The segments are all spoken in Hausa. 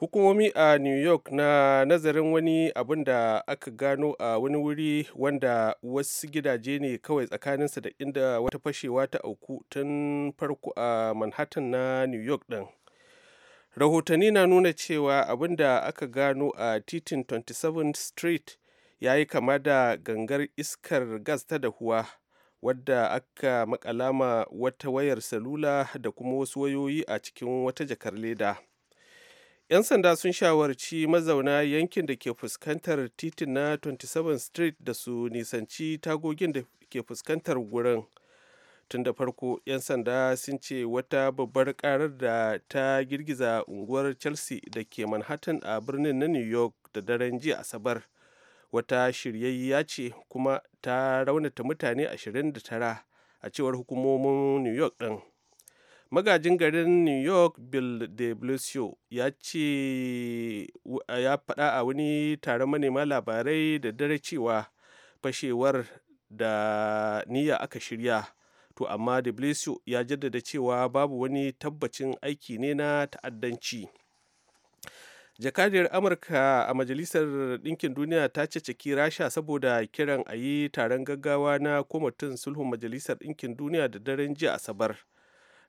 hukumomi a new york na nazarin wani abin da aka gano a wani wuri wanda wasu gidaje ne kawai tsakaninsa da inda wata fashewa ta auku tun farko a manhattan na new york din rahotanni na nuna cewa abin da aka gano a titin 27th street ya yi kama da gangar iskar gas ta dahuwa wadda aka makalama wata wayar salula da kuma wasu wayoyi a cikin wata jakar leda 'Yan sanda sun shawarci mazauna yankin da ke fuskantar titin na 27 Street da su nisanci tagogin da ke fuskantar wurin. Tun da farko, 'yan sanda sun ce wata babbar karar da ta girgiza unguwar Chelsea da ke Manhattan a birnin na New York da daren jiya Asabar. Wata shiryayya ce kuma ta raunata mutane 29 a cewar hukumomin New York din. magajin garin new york bill de blasio ya ce ya faɗa a wani taron manema labarai da dare cewa fashewar da niyya aka shirya to amma de blasio ya jaddada cewa babu wani tabbacin aiki ne na ta'addanci jakadiyar amurka a majalisar ɗinkin duniya ta ceceki rasha saboda kiran a yi taron gaggawa na kwamitin sulhun majalisar ɗinkin duniya da daren jiya asabar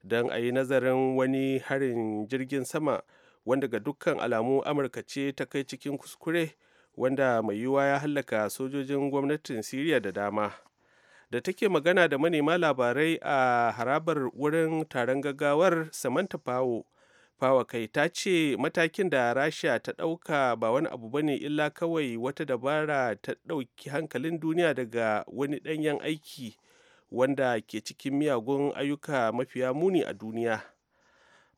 don a yi nazarin wani harin jirgin sama wanda ga dukkan alamu amurka ce ta kai cikin kuskure wanda mai yiwuwa ya hallaka sojojin gwamnatin siriya da dama da take magana da manema labarai a harabar wurin taron gaggawar samanta pawo fawa kai ta ce matakin da rasha ta ɗauka ba wani abu ba ne illa kawai wata dabara ta ɗauki hankalin duniya daga wani ɗanyen aiki wanda ke cikin miyagun ayyuka mafiya muni a duniya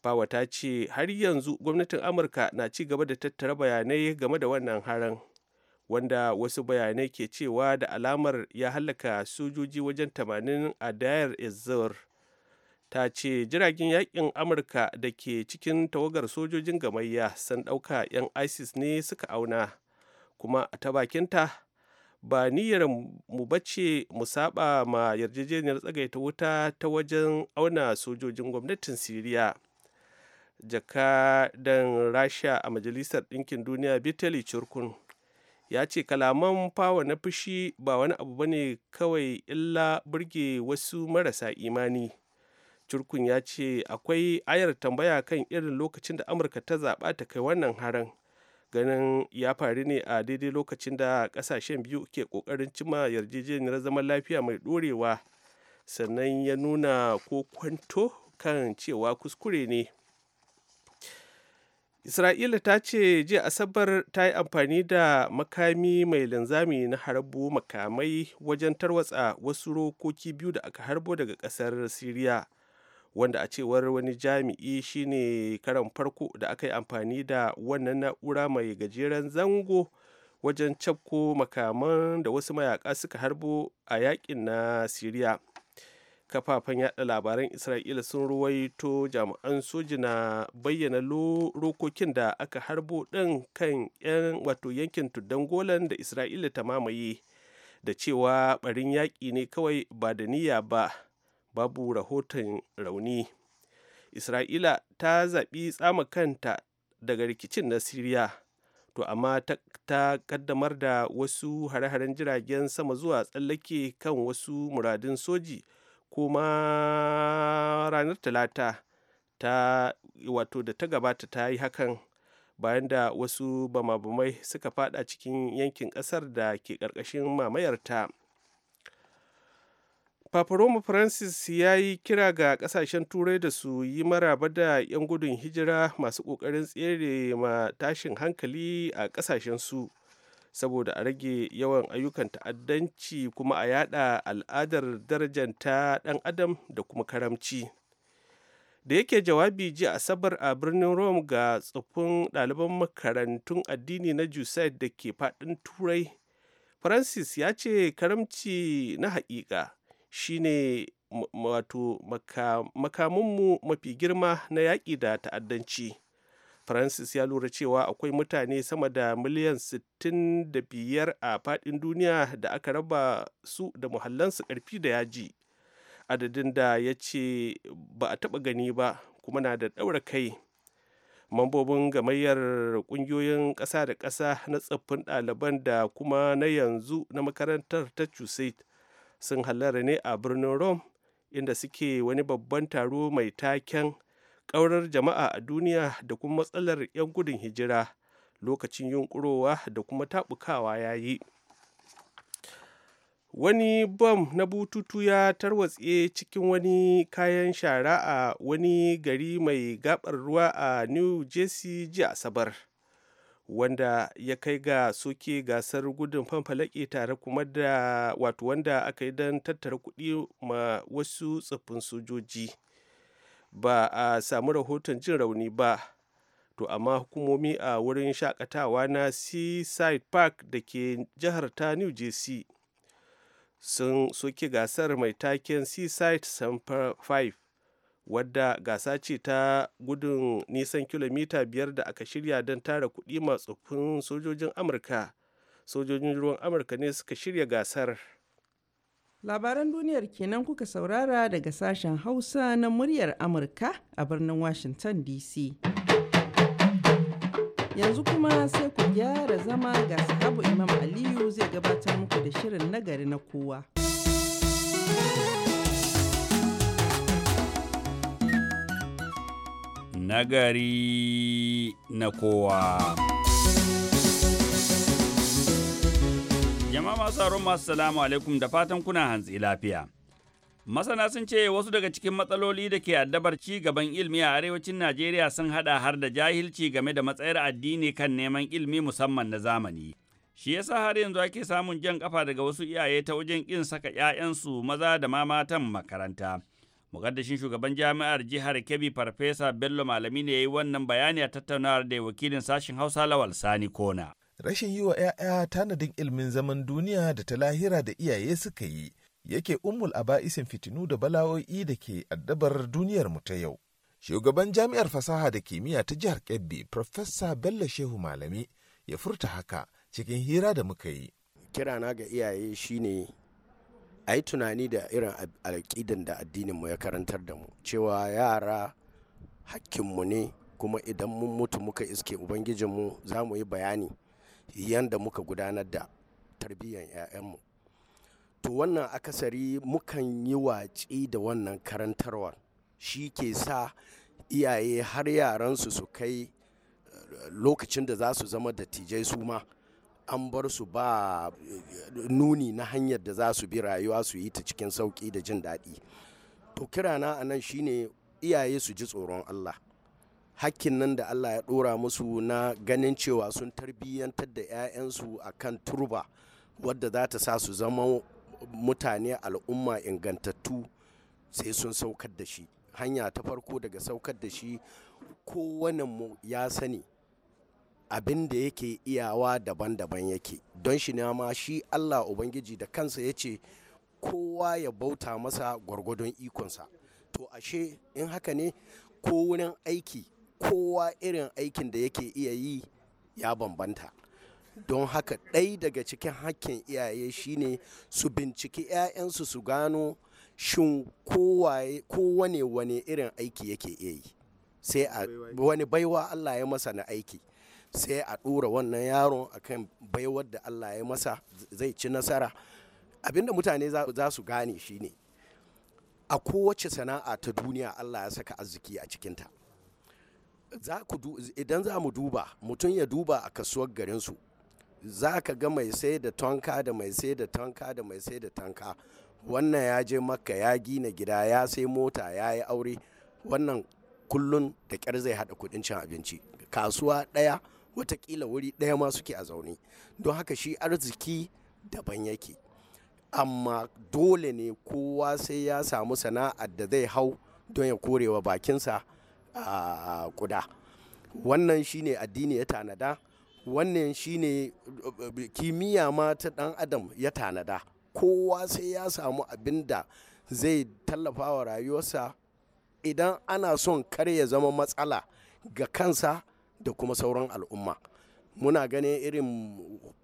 bawa ta ce har yanzu gwamnatin amurka na ci gaba da tattara bayanai game da wannan haran wanda wasu bayanai ke cewa da alamar ya hallaka sojoji wajen tamanin a dayar ezor ta ce jiragen yakin amurka da ke cikin tawagar sojojin gamayya sun ɗauka 'yan isis ne suka auna kuma ta bakinta ba niyyar mu bace mu saba ma yarjejeniyar tsagaita wuta ta wajen auna sojojin gwamnatin siriya Jaka jakadan rasha a majalisar ɗinkin duniya bitali curkun ya ce kalaman fawa na fushi ba wani abu bane kawai illa burge wasu marasa imani curkun ya ce akwai ayar tambaya kan irin lokacin da amurka ta zaɓa ta kai wannan haran ganin ya faru ne a daidai lokacin da kasashen biyu ke kokarin cima yarjejeniyar zaman lafiya mai dorewa sannan ya nuna ko kwanto kan cewa kuskure ne isra'ila ta ce jiya asabar ta yi amfani da makami mai linzami na harbo makamai wajen tarwatsa wasu rokoki biyu da aka harbo daga kasar siriya wanda a cewar wani jami'i shine karan farko da aka yi amfani da wannan na'ura mai gajeren zango wajen cafko makaman da wasu mayaka suka harbo a yakin na siriya kafafen yada labaran isra'ila sun ruwaito jami'an soji na bayyana rokokin da aka harbo ɗin kan yan wato yankin tuddan golan da isra'ila ta mamaye da cewa barin yaƙi ne kawai ba da niyya ba babu rahoton rauni isra'ila ta zaɓi tsama kanta daga rikicin na siriya to amma ta kaddamar da wasu hare-haren jiragen sama zuwa tsallake kan wasu muradin soji kuma ranar talata ta wato da ta gabata ta yi hakan bayan da wasu bama-bamai suka fada cikin yankin kasar da ke karkashin mamayarta Papa Roma Francis ya yi kira ga kasashen turai da su yi maraba da 'yan gudun hijira masu ƙoƙarin tsere ma tashin hankali a kasashen su saboda a rage yawan ayyukan ta'addanci kuma a yada al'adar ta ɗan adam da kuma karamci. da yake jawabi jiya asabar a birnin rome ga tsoffin ɗaliban makarantun addini na jusaid da ke faɗin turai francis ya ce karamci na haƙiƙa shine wato makamunmu mafi girma na yaƙi da ta'addanci francis ya lura cewa akwai mutane sama da miliyan 65 a faɗin duniya da aka raba su da muhallansu ƙarfi da yaji adadin da ya ce ba a taɓa gani ba kuma na da ɗaura kai mambobin gamayyar ƙungiyoyin ƙasa da ƙasa na tsaffin ɗaliban da kuma na yanzu na makarantar ta chusate sun hallara ne a birnin rome inda suke wani babban taro mai taken ƙaurar jama'a a duniya da kuma matsalar 'yan gudun hijira lokacin yunkurowa da kuma taɓukawa ya yi wani bom na bututu ya tarwatse cikin wani kayan shara a wani gari mai gabar ruwa a new jersey jiya asabar wanda ya kai ga soke gasar gudun fanfalaki tare kuma da wato wanda aka yi don tattara kuɗi ma wasu tsoffin sojoji ba a samu rahoton jin rauni ba to amma hukumomi a wurin shakatawa na seaside park da ke jihar ta new jersey sun soke gasar mai taken seaside sample 5 wadda gasa ce ta gudun nisan kilomita biyar da aka shirya don tara kuɗi matsoffin sojojin amurka sojojin ruwan amurka ne suka shirya gasar labaran duniyar kenan kuka saurara daga sashen hausa na muryar amurka a birnin washington dc yanzu kuma sai ku gyara zama ga sahabu imam aliyu zai gabatar muku da shirin nagari na kowa. nagari na kowa. Jama'a masu tsaron masu salamu alaikum da fatan kuna hantsi lafiya. Masana sun ce wasu daga cikin matsaloli da ke addabar ci gaban ilmi a arewacin Najeriya sun hada har da jahilci game da matsayar addini kan neman ilmi musamman na zamani. Shi yasa har yanzu ake samun jan kafa daga wasu iyaye ta wajen ƙin saka 'ya'yansu maza da ma matan makaranta. Mukaddashin shugaban jami'ar jihar Kebbi Farfesa Bello Malami ne ya yi wannan bayani a tattaunawar da wakilin sashen Hausa Lawal Sani Kona. Rashin yi wa 'ya'ya tanadin ilimin zaman duniya da ta lahira da iyaye suka yi yake umul a aba'isin fitinu da bala'o'i da ke addabar duniyar mu ta yau. Shugaban jami'ar fasaha da kimiyya ta jihar Kebbi Farfesa Bello Shehu Malami ya furta haka cikin hira da muka yi. Kirana ga iyaye shine a yi tunani da irin alƙidan da addininmu ya karantar da mu cewa yara hakkinmu ne kuma idan mun mutu muka iske ubangijinmu za mu yi bayani yadda muka gudanar da tarbiyyar 'ya'yanmu to wannan akasari mukan yi watsi da wannan karantarwar shi ke sa iyaye har yaransu su kai eh, lokacin da za su zama dattijai su ma an bar su ba eh, nuni na hanyar da za su bi rayuwa su yi ta cikin sauƙi da jin daɗi to kirana a nan shine iyaye su ji tsoron allah hakkin nan da allah ya ɗora musu na ganin cewa sun tarbiyyantar da 'ya'yansu a kan turba wadda za ta sa su zama mutane al'umma ingantattu sai sun saukar da shi hanya ta farko daga saukar da shi kowane mu ya sani abin da yake iyawa daban-daban yake don shi ne ma shi allah ubangiji da kansa ya ce kowa ya bauta masa gwargwadon ikonsa to ashe in haka ne ko wurin aiki kowa irin aikin da yake iya yi ya bambanta don haka ɗai daga cikin hakkin iyaye shine su binciki 'ya'yansu su gano shin kowane wane irin aiki yake iya yi sai a wani baiwa allah ya masa na aiki sai a ɗora wannan yaron akan baiwar da Allah ya masa zai ci nasara abinda mutane za su gane shi ne a kowace sana'a ta duniya Allah ya saka arziki a cikinta idan za mu duba mutum ya duba a kasuwar garinsu za ka ga mai sai da tonka da mai sai da tonka da mai sai da tonka wannan ya je makka ya gina gida ya sai mota ya yi aure wannan kullun da kyar zai haɗa kuɗin cin abinci kasuwa ɗaya watakila wuri ɗaya ma suke a zaune don haka shi arziki daban yake amma dole ne kowa sai ya samu sana'ar da zai hau don ya korewa bakinsa a ah, kuda wannan shine addini ya tanada wannan shine eh, kimiyya ma ta dan adam ya tanada kowa sai ya samu abin da zai tallafawa rayuwarsa idan ana son kar ya zama matsala ga kansa da kuma sauran al'umma muna ganin irin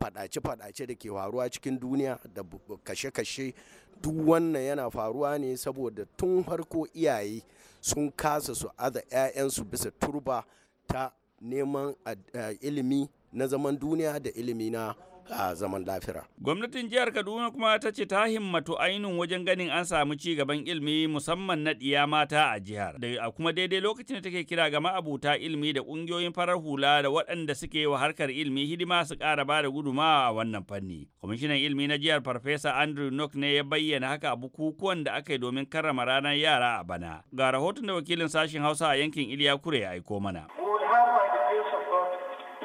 fadace-fadace da ke faruwa cikin duniya da kashe-kashe duk wannan yana faruwa ne saboda tun farko iyaye sun kasa su aza 'ya'yansu bisa turba ta neman eh, ilimi na zaman duniya da ilimi na a zaman lafira Gwamnatin jihar Kaduna kuma ta ce ta himmatu ainihin wajen ganin an samu ci gaban ilimi musamman na ɗiya mata a jihar. Da kuma daidai lokacin da take kira ga ma'abuta ilimi da ƙungiyoyin farar hula da waɗanda suke wa harkar ilimi hidima su ƙara ba da gudumawa a wannan fanni. Kwamishinan ilimi na jihar Farfesa Andrew Nock ne ya bayyana haka a bukukuwan da aka yi domin karrama ranar yara a bana. Ga rahoton da wakilin sashen Hausa a yankin Iliya Kure ya aiko mana.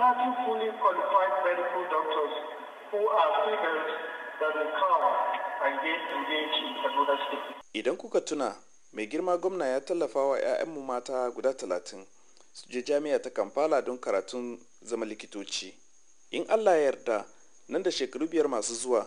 We have Idan kuka tuna, mai girma gwamna ya tallafa wa 'ya'yanmu mata guda talatin su je jami'a ta Kampala don karatun zama likitoci. In Allah ya yarda, nan da shekaru biyar masu zuwa,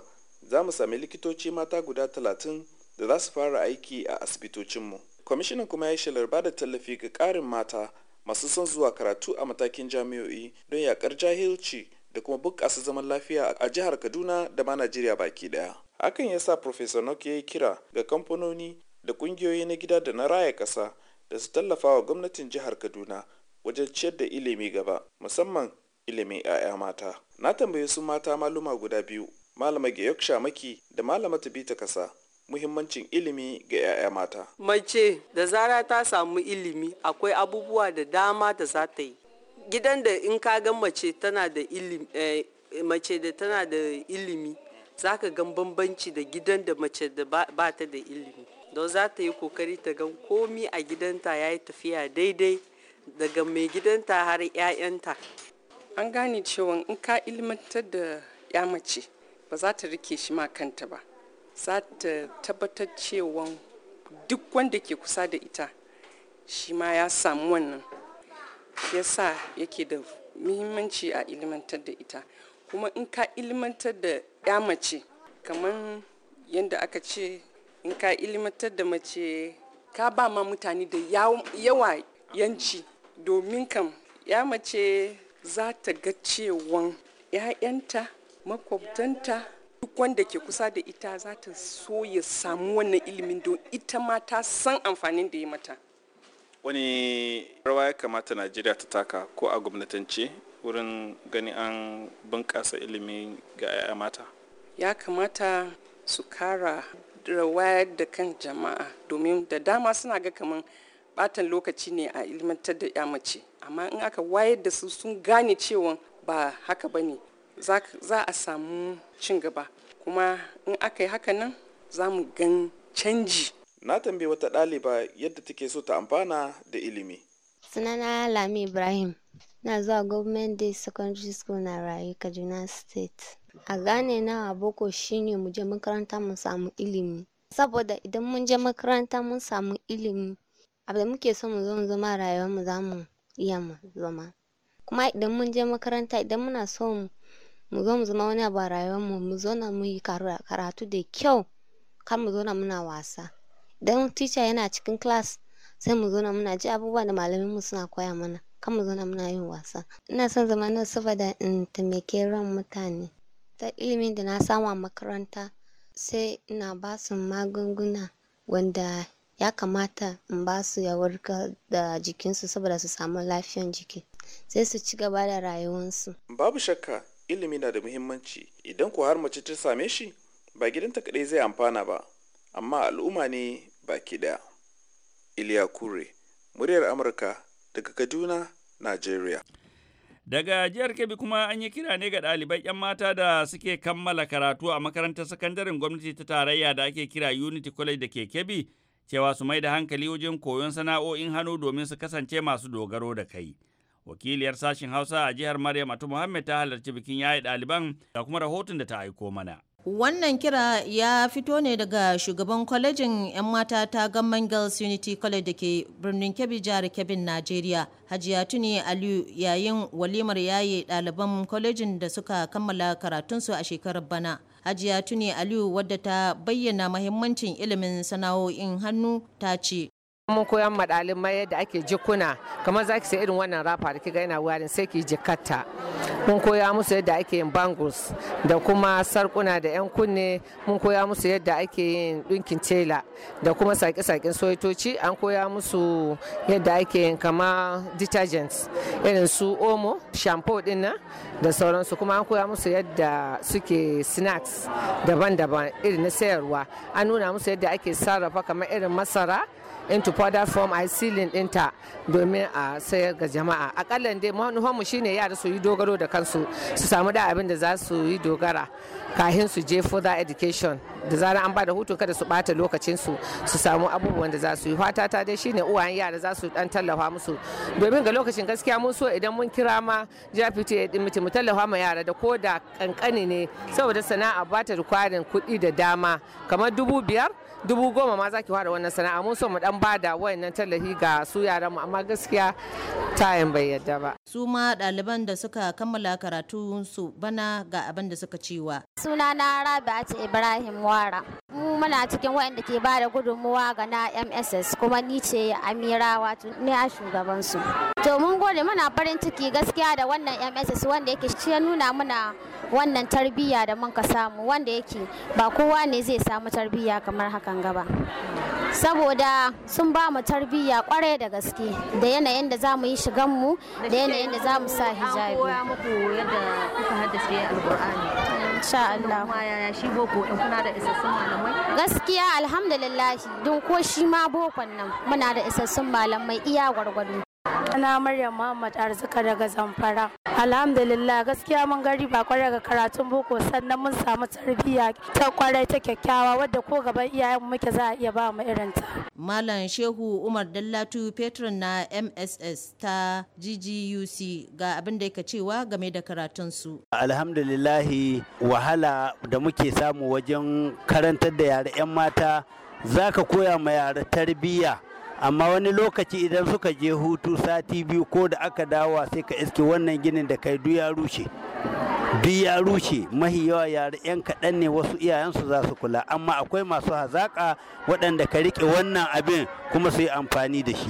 za mu sami likitoci mata guda talatin da za su fara aiki a asibitocinmu. Kwamishinan kuma ya yi shelar ba da tallafi ga ƙarin mata masu son zuwa karatu a matakin jami'o'i don yakar jahilci da kuma bunƙasa zaman lafiya a jihar kaduna da ma najeriya baki daya hakan ya sa professor nokia ya kira ga kamfanoni da ƙungiyoyi na gida da na raya ƙasa da su tallafa wa gwamnatin jihar kaduna wajen ciyar da ilimi gaba musamman ilimin 'ya'ya mata na tambayi su mata maluma guda biyu malama gayok shamaki da malama tabita kasa muhimmancin ilimi ga 'ya'ya mata mace da zara ta samu ilimi akwai abubuwa da dama da za ta yi gidan da in ka gan mace tana da ilimi eh, mace da tana da ilimi zaka ka gan bambanci da gidan da mace da ba ta da ilimi don za ta yi kokari ta gan komi a gidanta ya yi tafiya daidai daga mai gidanta har 'ya'yanta an gane cewa in ka ilmantar da ya mace ba za ta rike shi ma kanta ba za ta tabbatar cewa duk wanda ke kusa da ita shi ma ya samu wannan Ya sa yake da muhimmanci a ilmantar da ita kuma in ka ilmantar da ya mace kamar yadda aka ce in ka ilmantar da mace ka ba ma mutane da yawa yanci domin kam ya mace za ta ga cewan 'ya'yanta makwabtanta duk wanda ke kusa da ita za ta so ya samu wannan ilimin don ita ma ta san amfanin da ya mata wani rawa ya kamata najeriya ta taka ko a gwamnatance wurin gani an bunƙasa ilimi ga 'ya'ya mata ya kamata su kara rawayar da kan jama'a domin da dama suna ga kamar batan lokaci ne a ilmantar da 'ya mace amma in aka wayar da su sun gane cewa ba haka ba ne za a samu cin gaba kuma in aka yi haka nan za mu gan canji Na tambayi wata ɗaliba yadda take so ta amfana da ilimi. Sunana Lami Ibrahim, na zuwa Government Day Secondary School na rayu Kaduna State. A gane na boko shine mu je makaranta mu samu ilimi. Saboda idan mun je makaranta mun samu ilimi, abu da muke so mu zo mu zama rayuwar mu za mu iya mu zama. Kuma idan mun je makaranta idan muna so mu mu zo mu zama wani abu a rayuwar mu mu zo na mu yi karatu da kyau kar mu zo na muna wasa. dan teacher yana cikin class sai mu zauna muna ji abubuwa da malaminmu suna koya mana kan mu zauna muna yin wasa ina son zama na saboda in taimake ran mutane ta ilimin da na samu a makaranta sai ina basu magunguna wanda ya kamata in ba su ya warkar da jikinsu saboda su samu lafiyan jiki sai su ci gaba da rayuwarsu babu shakka ilimi na da muhimmanci idan ko har mace ta same shi ba gidanta kadai zai amfana ba amma al'umma ne baki ɗaya. Iliya Kure, muryar Amurka daga Kaduna, nigeria. Daga jihar Kebbi kuma an yi kira ne ga ɗalibai 'yan mata da suke kammala karatu a makarantar sakandaren gwamnati ta tarayya da ake kira Unity College da ke Kebbi cewa su mai da hankali wajen koyon sana'o'in hannu domin su kasance masu dogaro da kai. Wakiliyar sashen Hausa a jihar Maryam Atu Muhammad ta halarci bikin yaye ɗaliban da kuma rahoton da ta aiko mana. Wannan kira ya fito ne daga shugaban kwalejin 'yan mata ta Gamman Girls Unity College da ke birnin Kebbi jihar Kebbin, Najeriya. Hajiya Tuni Aliyu yayin walimar yaye ɗaliban kwalejin da suka kammala karatunsu a shekarar bana. Hajiya Tuni Aliyu wadda ta bayyana mahimmancin ilimin sana'o'in hannu ta ce mun koyan ma mai yadda ake jikuna kamar za ki sai irin wannan rafa da kiga yana wurin sai ki jikatta mun koya musu yadda ake yin bangles da kuma sarkuna da yan kunne mun koya musu yadda ake yin ɗinkin tela da kuma saƙe-saƙen soyitoci an koya musu yadda ake yin kama detergents irin su omo shampoo din nan da sauransu kuma an koya musu yadda suke snacks daban-daban irin na sayarwa an nuna musu yadda ake sarrafa kamar irin masara into powder form a sealing ɗinta domin a sayar ga jama'a akalla dai shi shine yara su yi dogaro da kansu su samu da abin da za su yi dogara kahin su je further education da zarar an bada hutu kada su bata lokacin su samu abubuwan da za su yi fata ta dai shine uwayen yara za su dan tallafa musu domin ga lokacin gaskiya mun so idan mun kira ma jafiti ya dimiti mu tallafa ma yara da ko da kankani ne saboda sana'a bata da kwarin kuɗi da dama kamar dubu biyar dubu goma ma za ki fara wannan sana'a mun so mu dan bada wayannan tallafi ga su yaran mu amma gaskiya tayin bai yadda ba su ma ɗaliban da suka kammala karatu su bana ga abin da suka ciwa sunana rabi'atu ibrahim wara mu muna cikin waɗanda ke ba da gudunmuwa ga na mss kuma ni ce amira wato ne a shugabansu to mun gode muna farin ciki gaskiya da wannan mss wanda yake shi ya nuna muna wannan tarbiyya da mun ka samu wanda yake ba kowa ne zai samu tarbiyya kamar hakan gaba saboda sun ba mu tarbiyya kwarai da gaske da yanayin da za mu yi shigan mu da yanayin da za mu sa hijabi. An koya muku yadda kuka haddace alqur'ani Insha Allah. Kuma shi boko kuna da isassun malamai? Gaskiya alhamdulillah dun ko shi ma bokon nan muna da isassun malamai iya gwargwado. Ana Maryam Muhammad Arzika daga Zamfara. Alhamdulillah gaskiya mun gari ba kwarai ga karatun boko sannan mun samu tarbiyya ta kwarai ta kyakkyawa wadda ko gaban iyayen muke za a iya ba mu irin ta. Malam Shehu Umar Dallatu Petron na MSS ta GGUC ga abin da yake cewa game da karatun su. Alhamdulillah wahala da muke samu wajen karantar da yare 'yan mata zaka koya ma yara tarbiyya amma wani lokaci idan suka je hutu sati biyu ko da aka dawa sai ka iske wannan ginin da kai du ya rushe duk ya rushe mahi yawa yare 'yan kaɗan ne wasu iyayensu za su kula amma akwai masu hazaƙa waɗanda ka riƙe wannan abin kuma su yi amfani da shi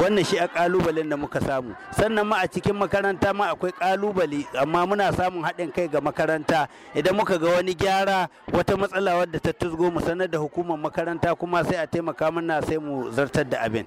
wannan shi a ƙalubalen da muka samu sannan ma a cikin makaranta ma akwai ƙalubale amma muna samun haɗin kai ga makaranta idan muka ga wani gyara wata matsala wadda ta tuzgo mu sanar da hukumar makaranta kuma sai a taimaka muna sai mu zartar da abin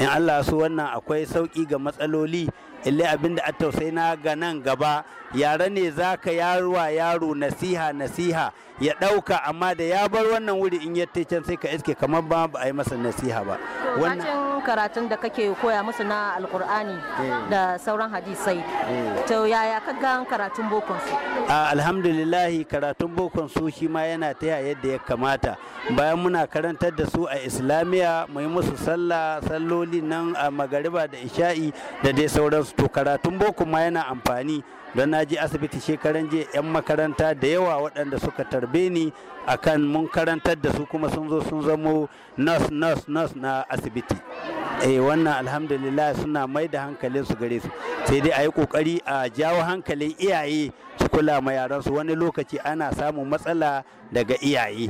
in Allah su wannan akwai sauƙi ga matsaloli illai abin da a tausayi na ga nan gaba yare ne za ka yaruwa yaro nasiha nasiha ya ɗauka amma da ya bar wannan wuri in ya can sai ka iske kamar ba ba a yi masa nasiha ba wannan karatun da kake koya musu na alkur'ani eh. da sauran hadisai eh. to yaya ka ga karatun bokon su alhamdulillahi karatun bokon su shi ma yana ta yadda ya kamata bayan muna karantar da su a islamiya mu yi musu sallah salloli nan a magariba da isha'i da dai sauransu to karatun bokon ma yana amfani don na je asibiti shekaran jiya 'yan makaranta da yawa waɗanda suka tarbe ni akan mun karantar da su kuma sun zo sun zamo nurse nurse nurse na asibiti eh wannan alhamdulillah suna mai da hankalin su gare su sai dai a yi kokari a jawo hankalin iyaye su kula ma yaransu wani lokaci ana samun matsala daga iyaye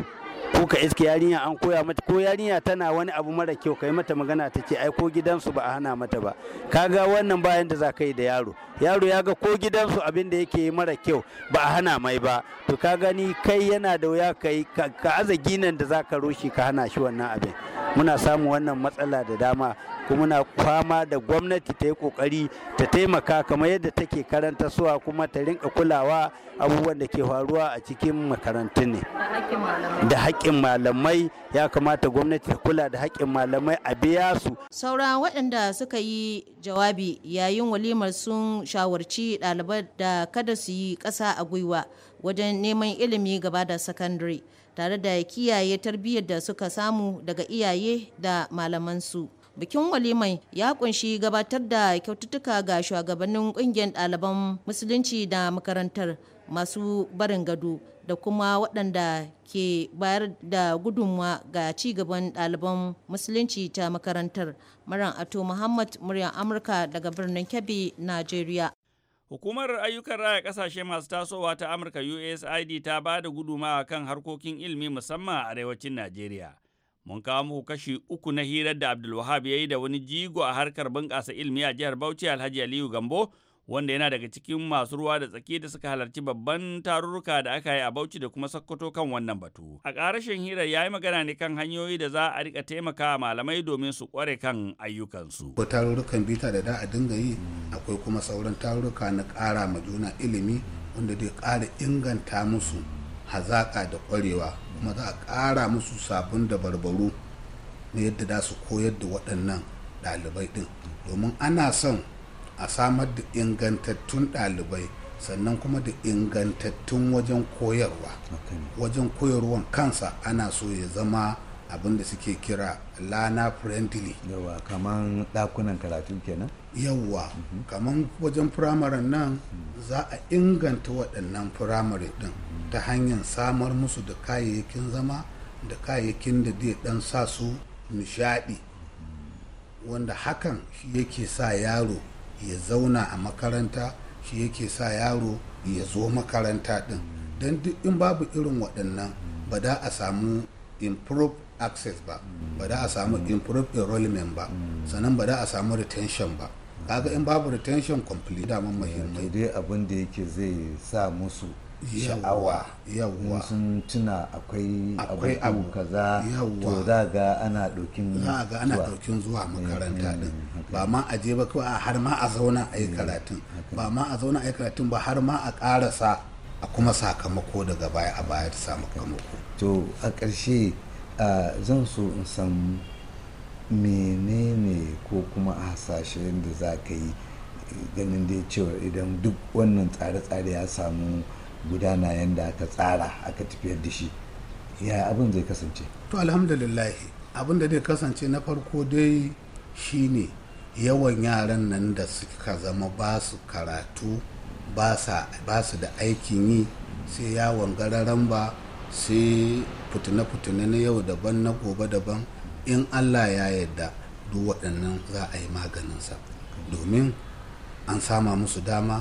ko ka iske yarinya an koya mata ko yarinya tana wani abu mara kyau kai mata magana ta ce ai ko gidansu ba a hana mata ba kaga wannan bayan da za ka yi da yaro yaro ya ga ko gidansu abin da yake mara kyau ba a hana mai ba to ka gani kai yana da wuya kai ka aza ginin da za ka rushe ka hana shi wannan abin muna samun wannan matsala da dama kuma muna fama da gwamnati ta yi kokari ta taimaka kamar yadda take karanta suwa kuma ta rinka kulawa abubuwan da ke faruwa a cikin makarantun ne da haƙƙin malamai ya kamata gwamnati ta kula da haƙƙin malamai a biya su saura waɗanda suka yi jawabi yayin walimar sun shawarci ɗalibai da kada su yi ƙasa a gwiwa wajen neman ilimi gaba da sakandare tare da kiyaye tarbiyyar da suka samu daga iyaye da malamansu. bikin walimai ya kunshi gabatar da kyaututtuka ga shugabannin kungiyar ɗaliban musulunci da makarantar masu barin gado da kuma waɗanda ke bayar da gudunmawa ga cigaban ɗaliban musulunci ta makarantar maran ato muhammad muryar amurka daga birnin kebbi najeriya Hukumar ayyukan raya ƙasashe masu tasowa ta Amurka usid ta ba da gudumawa kan harkokin ilimi musamman a arewacin Najeriya. Mun kawo muku kashi uku na hirar da Abdulwahab ya yi da wani jigo a harkar bunƙasa ilmi a jihar Bauchi Alhaji Aliyu Gambo wanda yana daga cikin masu ruwa da tsaki da suka halarci babban tarurruka da aka yi a Bauchi da kuma Sokoto kan wannan batu. A ƙarashin hirar ya yi magana ne kan hanyoyi da za a rika taimaka malamai domin su kware kan ayyukansu. Ko tarurrukan bita da da a dinga yi akwai kuma sauran tarurruka na ƙara ma juna ilimi wanda zai ƙara inganta musu hazaƙa da ƙwarewa kuma za a ƙara musu sabon dabarbaru na yadda za su koyar da waɗannan ɗalibai ɗin domin ana son a samar da ingantattun ɗalibai sannan kuma da ingantattun wajen koyarwa wajen koyarwan kansa ana so ya zama abin da suke kira lana friendly yawa kaman ɗakunan karatu kenan yawa mhm. kaman wajen firamaren nan za a inganta waɗannan firamare ɗin mhm. ta hanyar samar musu da kayayyakin zama da kayayyakin da zai ɗan sa su nishaɗi mhm. wanda hakan shi yake sa yaro ya zauna a makaranta shi yake sa yaro ya zo makaranta din don duk in babu irin waɗannan ba da a samu improve access ba ba da a samu improve enrollment ba sannan ba da a samu retention ba kaga in babu retention complete daman muhimmai dai abin da yake zai sa musu sha'awa yawwa sun tuna akwai akwai abu kaza to za ga ana dokin za ga ana dokin zuwa eh, makaranta din eh, ba ma a je ba kawai har ma a zauna a yi eh, karatun ba ma a zauna a yi karatun ba har ma a karasa a kuma sakamako daga baya a baya ta sakamako to a ƙarshe zan so in san menene ko kuma hasashen da za ka yi ganin dai cewa idan duk wannan tsare-tsare ya samu gudana yadda aka tsara aka tafiyar da shi ya abin zai kasance to alhamdulillah abin da zai kasance na farko dai shine yawan yaran nan da suka zama ba su karatu ba su da aikin yi sai yawon gararan ba sai fitina-fitina na yau daban na gobe daban in allah ya yadda duk waɗannan za a yi maganinsa domin an sama musu dama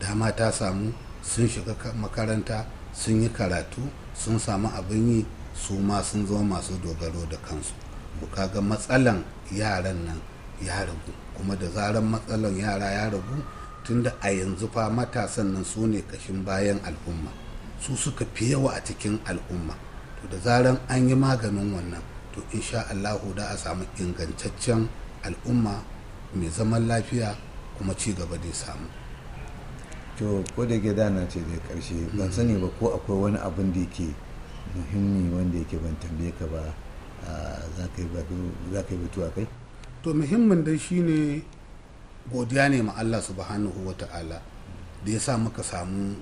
dama ta samu sun shiga makaranta sun yi karatu sun samu abin yi su ma sun zama masu dogaro da kansu ga matsalan yaran nan ya ragu kuma da zaran matsalan yara ya ragu tunda a yanzu fa matasan nan su ne kashin bayan al'umma su suka fi yawa a cikin al'umma to da zaran an yi maganin wannan to insha Allahu da a samu ingantaccen al'umma mai zaman lafiya kuma ci gaba da samu to ko da ke dana ce da karshe ban mm. sani ba ko akwai wani abin da yake muhimmi wanda yake ban tambaye ka ba za ka yi batuwa kai to muhimmin dai shine godiya ne ma Allah subhanahu wa ta'ala da ya sa muka samu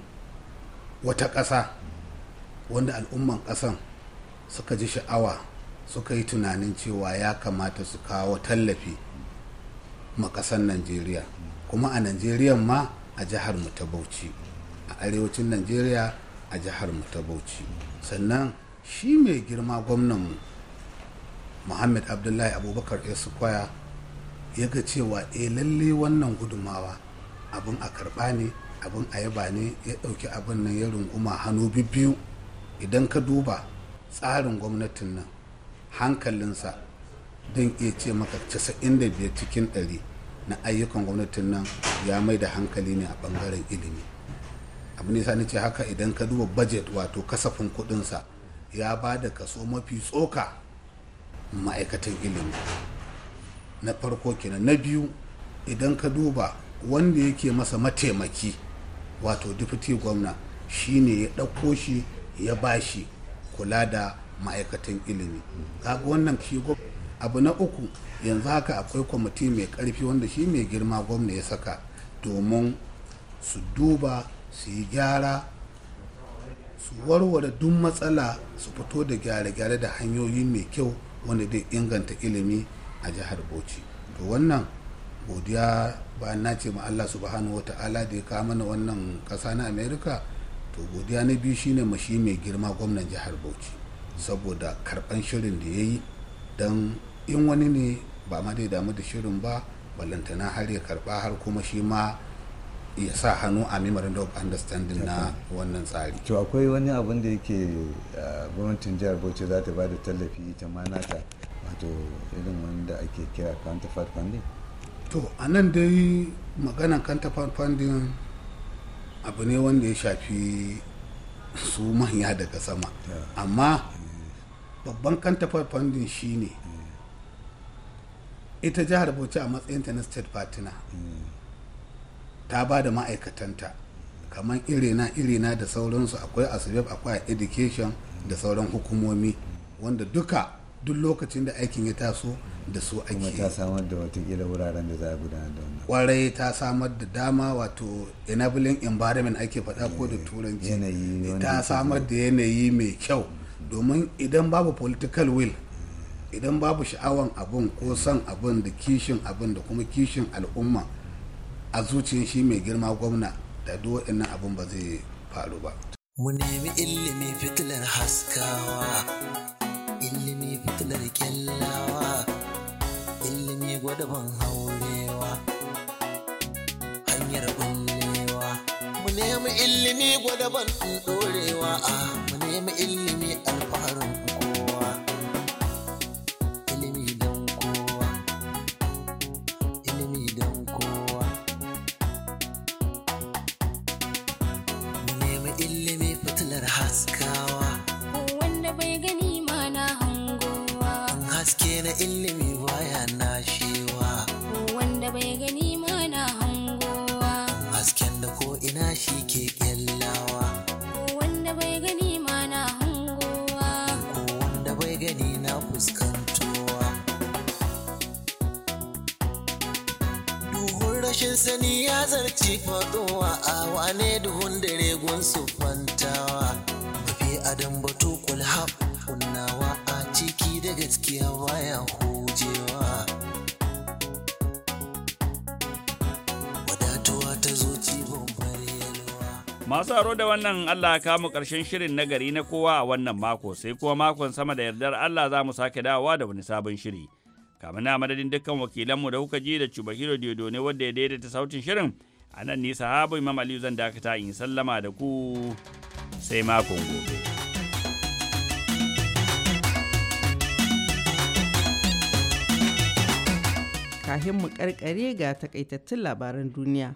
wata ƙasa wanda al'umman ƙasan suka ji sha'awa suka yi tunanin cewa ya kamata su kawo tallafi ma ƙasan Najeriya kuma a Najeriya ma a jihar mu ta bauchi a arewacin najeriya a jihar mu ta bauchi sannan shi mai girma gwamnanmu muhammad abdullahi abubakar esquire ya ga cewa e lalle wannan gudumawa abin a karba ne abin a yaba ne ya dauki abin nan ya runguma hannu biyu idan ka duba tsarin gwamnatin nan hankalinsa don iya ce maka 95 cikin 100 na ayyukan gwamnatin nan ya mai da hankali ne a bangaren ilimi abu ne sani ce haka idan ka duba budget wato kasafin kudinsa ya ba da kaso mafi tsoka ma'aikatan ilimi na farko kenan na biyu idan ka duba wanda yake masa mataimaki wato deputy gwamna shine ya ɗauko shi ya bashi kula da ma'aikatan ilimi kaga wannan shi abu na uku yanzu haka akwai kwamiti mai karfi wanda shi mai girma gwamna ya saka domin su duba su yi gyara su warware duk matsala su fito da gyare-gyare da hanyoyi mai kyau wanda zai inganta ilimi a jihar bauchi to wannan godiya bayan na ce ma allah subhanahu wa ta'ala da ya kawo mana wannan kasa na Amerika to godiya na biyu shine mashi mai girma gwamnan jihar bauchi saboda karɓan shirin da ya yi don in wani ne ba ma dai damu da shirin ba ballantana har ya karba har kuma shi ma ya sa hannu a memorandum of understanding na wannan tsari to akwai wani abin da yake gwamnatin jihar bauchi za ta ba tallafi ita ma nata wato irin wanda ake kira counterpart funding to a nan dai maganan counterpart funding abu ne wanda ya shafi su manya daga sama amma babban counterpart funding shine ita jihar bauchi a matsayinta na state partner ta ba da ma'aikatanta kamar irina irina da sauransu akwai asibab akwai education da sauran hukumomi wanda duka duk lokacin da aikin ya taso da su ake kuma ta samar da watakila wuraren da za a gudanar da wannan kwarai ta samar da dama wato enabling environment ake faɗa ko da eh, turanci ta samar da yanayi mai kyau domin idan babu political will idan babu sha'awan abun ko son abun da kishin abun da kuma kishin al'umma a zuciyar shi mai girma gwamna da duk waɗannan abun ba zai faru ba mu nemi ilimi fitilar haskawa ilimi fitilar kyallawa ilimi gwadaban haurewa hanyar bullewa mu nemi ilimi gwadaban ɗorewa ah, mu nemi ilimi alfaharin na ilimi baya na nashewa wanda bai gani mana hangowa hasken da ko ina shi ke kyallawa wanda bai gani mana hangowa ko wanda bai gani na fuskantowa duhun rashin sani ya zarci faɗowa a wane duhun dare gunsu su fantawa mafi adam batu kulhab gaskiya baya hujewa wadatuwa ta zuci Masu aro da wannan Allah ka mu ƙarshen shirin na gari na kowa a wannan mako sai kuma makon sama da yardar Allah za mu sake dawowa da wani sabon shiri. Kamar na madadin dukkan wakilanmu da kuka ji da Cubahiro Diodo ne wadda ya daidaita sautin shirin a nan nisa habu Imam Aliyu zan dakata in sallama da ku sai makon gobe. kahin mu karkare ga takaitattun labaran duniya.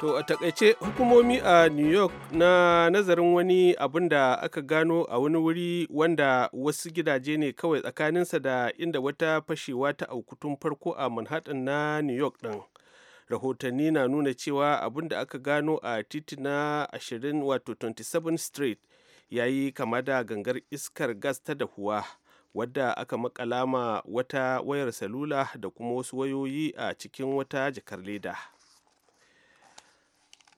To a takaice hukumomi a New York na nazarin wani abin da aka gano a wani wuri wanda wasu gidaje ne kawai tsakaninsa da inda wata fashewa ta aukutun farko a Manhattan na New York ɗin. Rahotanni na nuna cewa abin da aka gano a titi na 20 wato 27 Street yayi kama da gangar iskar gas ta dahuwa. wadda aka makala ma wata wayar salula da kuma wasu wayoyi a cikin wata jakar leda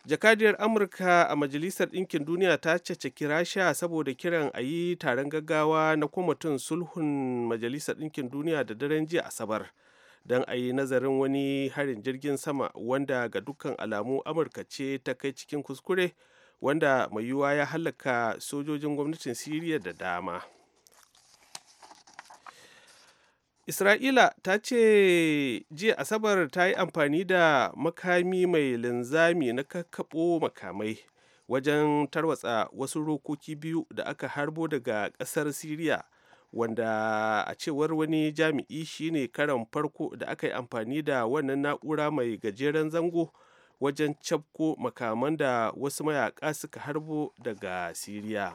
jakadiyar amurka a majalisar ɗinkin duniya ta cacaki rasha saboda kiran a yi taron gaggawa na kwamitin sulhun majalisar ɗinkin duniya da daren jiya asabar don a yi nazarin wani harin jirgin sama wanda ga dukkan alamu amurka ce ta kai cikin kuskure wanda mai yiwuwa ya halaka sojojin gwamnatin siriya da dama Isra'ila ta ce jiya Asabar ta yi amfani da makami mai linzami na kakkaɓo makamai wajen tarwatsa wasu rokoki biyu da aka harbo daga ƙasar Siriya wanda a cewar wani jami'i shine karan farko da aka yi amfani da wannan na'ura mai gajeren zango wajen cafko makaman da wasu mayaka suka harbo daga Siriya.